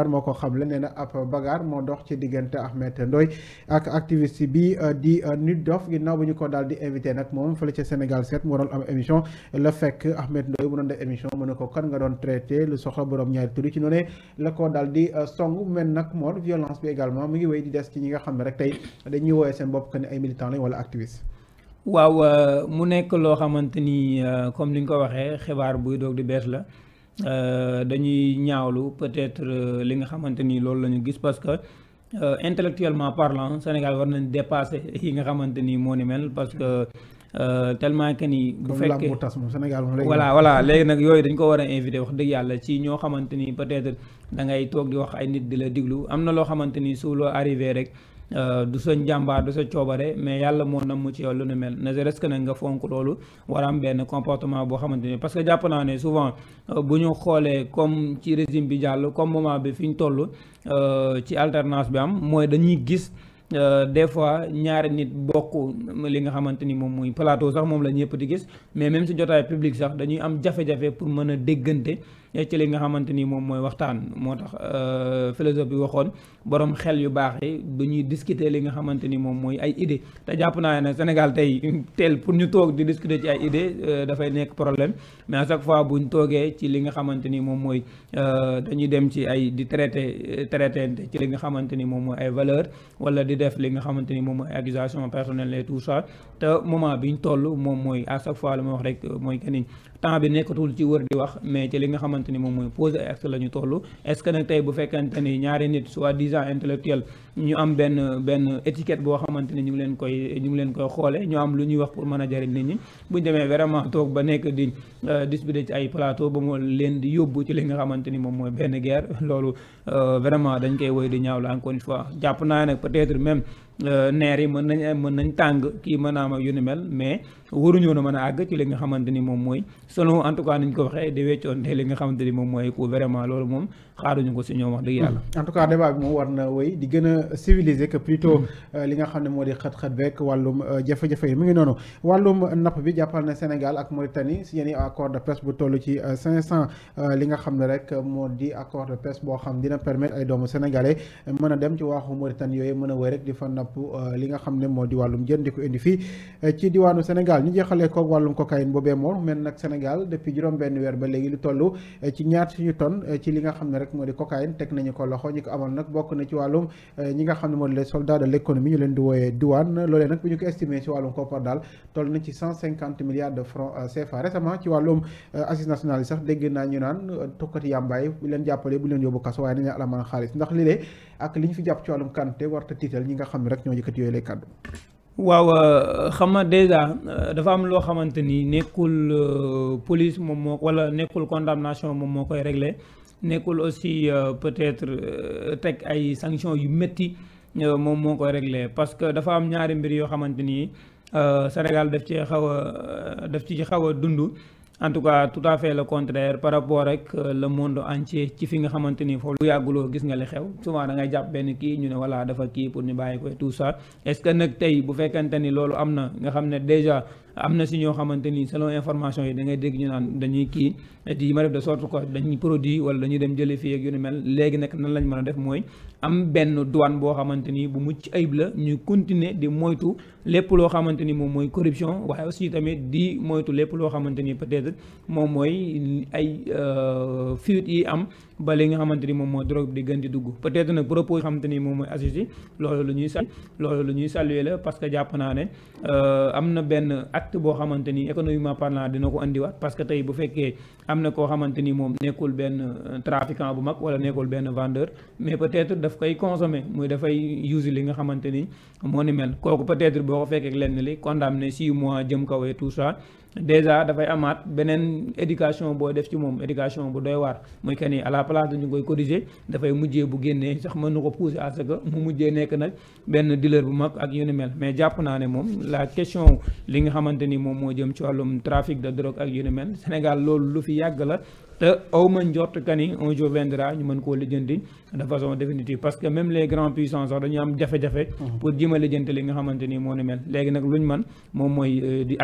Sarr moo ko xamle nee na ab bagaar moo dox ci diggante Ahmed Ndoye ak activiste bi euh, di euh, Nit Dof naw bu ñu ko daal di invité nag moom fële ca Sénégal 7 moo doon am émission la fekk Ahmed Ndoye mu doon ne ko kan nga doon traité lu soxla borom ñaari turi ci noonu la ko daal di euh, nag moo violence bi également mu ngi di des ci ñi nga xam ne rek tey dañuy woowee seen bopp que ne ay militants lañ wala waaw mu nekk loo xamante ni comme li nga ko waxee xibaar buy doog di bees la Euh, dañuy ñaawlu peut-être euh, li nga xamante ni loolu la ñu gis parce que euh, intellectuellement parlant Sénégal war nañ dépasser yi nga xamante ni moo ni mel parce que tellement que ni. bu fekkee Sénégal moom voilà léegi nag yooyu dañ ko war a invité wax dëgg yàlla ci ñoo xamante ni peut-être da ngay toog di wax ay nit di la diglu am na loo xamante ni su loo rek. Euh, du sa njàmbaar du sa coobare mais yàlla moo nam mu ci yow lu nu mel ne reste que ne nga fonk loolu war benn comportement boo xamante ni parce que jàpp naa ne souvent euh, bu ñu xoolee comme ci résime bi jàll comme moment bi fi ñu toll euh, ci alternance bi am mooy dañuy gis des fois ñaari nit bokk li nga xamante ni moom muy plateau sax moom la yëpp di gis mais même si jotaay public sax dañuy am jafe-jafe pour mën a déggante ci li nga xamante ni moom mooy waxtaan moo tax euh, philosophe bi waxoon borom xel yu baax yi du ñuy discuter li nga xamante ni moom mooy ay idée te jàpp naa ne Sénégal tey teel pour ñu toog di discuter ci ay idée euh, dafay nekk problème mais à chaque fois ñu toogee ci li nga xamante ni moom mooy euh, dañuy dem ci ay di traité traitente ci li nga xamante ni moom mooy ay valeur wala di def li nga xamante ni moom mooy accusation personnelle et tout ça te moment biñ toll moom mooy à fois lu ma wax rek mooy que ni temps bi nekkatul ci wër di wax mais ci li nga xamante ni moom mooy posé ay acte la ñu toll est ce que nag tey bu fekkente ni ñaari nit soi-disant intellectuel ñu am benn benn étiquette boo xamante ni ñu ngi leen koy ñu ngi leen koy xoole ñu am lu ñuy wax pour mën a jariñ nit ñi buñ demee vraiment toog ba nekk di euh, disputé ci ay plateau ba mu leen di yóbbu ci li nga xamante ni moom mooy benn guerre loolu euh, vraiment dañ koy woy di ñaaw la encore une fois jàpp naa nag peut-être même Euh, neer yi mën nañ mën nañ tàng kii mën naa am yu ni mel mais waruñoo na mën a àgg ci li nga xamante ni moom mooy selon en tout cas niñ ko waxee di weccoonte li nga xamante ni moom mooy ku vraiment loolu moom xaaruñu ko si ñoom wax dëgg yàlla hmm. en tout a civiliser que plutôt hmm. euh, li nga xam ne moo di xat-xat beeg wàllum euh, jafe-jafe yi mu ngi noonu wàllum napp bi jàppal na Sénégal ak moo Mauritanie si yéen accord de presse bu toll ci cinq cent li nga xam ne rek moo di accord de presse boo xam dina permettre ay doomu sénégalais mën a dem ci waaxu Mauritanie yooyu mën a wéy rek di fa samp euh, li nga xam ne moo di wàllum jën di ko indi fii euh, ci diwaanu Sénégal ñu jeexalee ko wàllum cocaïne boobee moom mel nag Sénégal depuis juróom-benn weer ba léegi lu toll euh, ci ñaar suñu tonne ci li nga xam ne rek moo di cocaïne teg nañu ko loxo ñi ko amoon nag bokk na ci wàllum ñi nga xam ne moo di les de l' économie ñu leen di wooyee diwaan loolee nag bu ñu ko estimé ci wàllum koppar daal toll na ci cent milliards de francs CFA récemment ci wàllum assise nationale yi sax nga xam ne rek ñoo yëkkati yooyu lay kàddu. waaw euh, xam nga dèjà euh, dafa am loo xamante ni nekkul euh, police moom moo wala nekkul condamnation moom moo koy régle nekkul aussi peut-être teg ay sanctions yu métti moom moo koy réglé parce que dafa am ñaari mbir yoo xamante ni Sénégal daf ci xaw a daf ci xaw a dund. en tout cas tout à fait le contraire par rapport rek euh, le monde entier ci fi nga xamante ni foofu lu yàgguloo gis nga li xew souvent da ngay jàpp benn kii ñu ne voilà dafa kii pour ñu bàyyi ko tout ça est-ce que nag tey bu fekkente ni loolu am na nga xam ne déjà am na si ñoo xamante ni selon information yi dangay dégg ñu naan dañuy kii di ma def de sorte quoi dañuy produit wala dañuy dem jëlee fii ak yu ni mel léegi nag nan lañ mën a def mooy am benn douane boo xamante ni bu mucc ayib la ñu continuer di moytu lépp loo xamante ni moom mooy corruption waaye aussi tamit di moytu lépp loo xamante ni peut-être moom mooy ay euh, fuite yi am ba li nga xamante ni moom moo drogue di gën di dugg peut être nag propos yi xamante ni moom mooy associé loolu lu ñuy sal loolu lu ñuy saluer la parce que jàpp naa ne euh, am na benn acte boo xamante ni économiquement parlant dina ko indiwaat parce que tey bu fekkee am na koo xamante ni moom nekkul benn euh, trafiquant bu mag wala nekkul benn vendeur mais peut être daf koy consommer muy dafay use li nga xamante ni moo ni mel kooku peut être boo ko fekkee lenn li condamné six mois jëm kaw et tout ça dèjà dafay amaat beneen éducation boo def ci moom éducation bu doy waar muy que ni à la place dañu koy corriger dafay mujjee bu génnee sax mën na ko pousser à ce que mu mujjee nekk nag benn dealer bu mag ak yu ni mel mais jàpp naa ne moom la question li nga xamante ni moom moo jëm ci wàllum trafic de drogue ak yu ni mel Sénégal loolu lu fi yàgg la te aw ma njort kani un jour viendra ñu mën koo lijjanti de façon définitive parce que même les grands puissants sax dañu am jafe-jafe pour jéem lijjanti li nga xamante ni moo moom mooy euh, di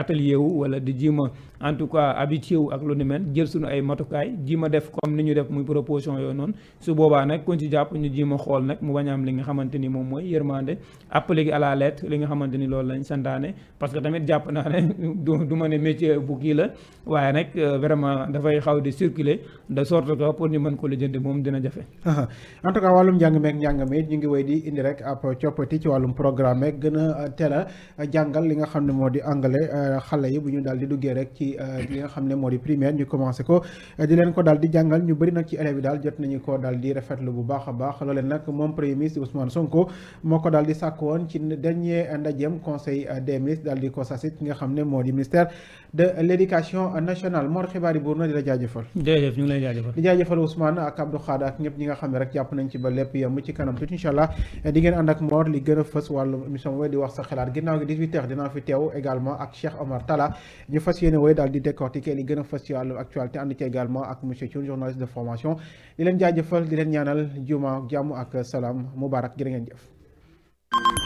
a en tout cas habitué lu suñu ay matukaay jéem a def comme ni ñu def muy proposition yooyu noonu su boobaa nag kuñ ci jàpp ñu jéem a xool nag mu bañ a am li nga xamante ni moom mooy yërmande appelé gi à la lettre li nga xamante ni loolu lañ santaane parce que tamit jàpp naa ne du ma ne métier bu kii la waaye nag euh, vraiment calculer de sorte que pour ñu mën ko lijjanti moom dina jafe. en tout wàllum njàng meeg njàng ñu ngi wéy di indi rek ab coppati ci wàllum programme meeg gën a euh, a euh, jàngal li nga xam ne moo di anglais euh, xale yi bu ñu daal di duggee rek ci li nga xam ne moo di primaire ñu commencé ko di leen ko daal di jàngal ñu bëri nag ci élèves yi daal jot nañu ko daal di rafetlu bu baax a baax loolee nag moom premier ministre Ousmane Sonko moo ko daal di sàkk woon ci dernier ndajeem conseil jërëjëf ñu ngi lay jaajëfal di jaajëfal ak Abdou Khad ak ñëpp ñi nga xam ne rek jàpp nañ ci ba lépp yem ci kanam tuuti incha allah di ngeen ànd ak Mor li gën a fës wàllu émission boobu di wax sa xalaat ginnaaw gi 18 heures dinaa fi teew également ak Cheikh Omar Talla ñu fas yéene wooy daal di décortiquer li gën a fës ci wàllu actualité ànd ci également ak monsieur journaliste de formation di leen jaajëfal di leen ñaanal juma jàmm ak salaam mubarak jërë ngeen jëf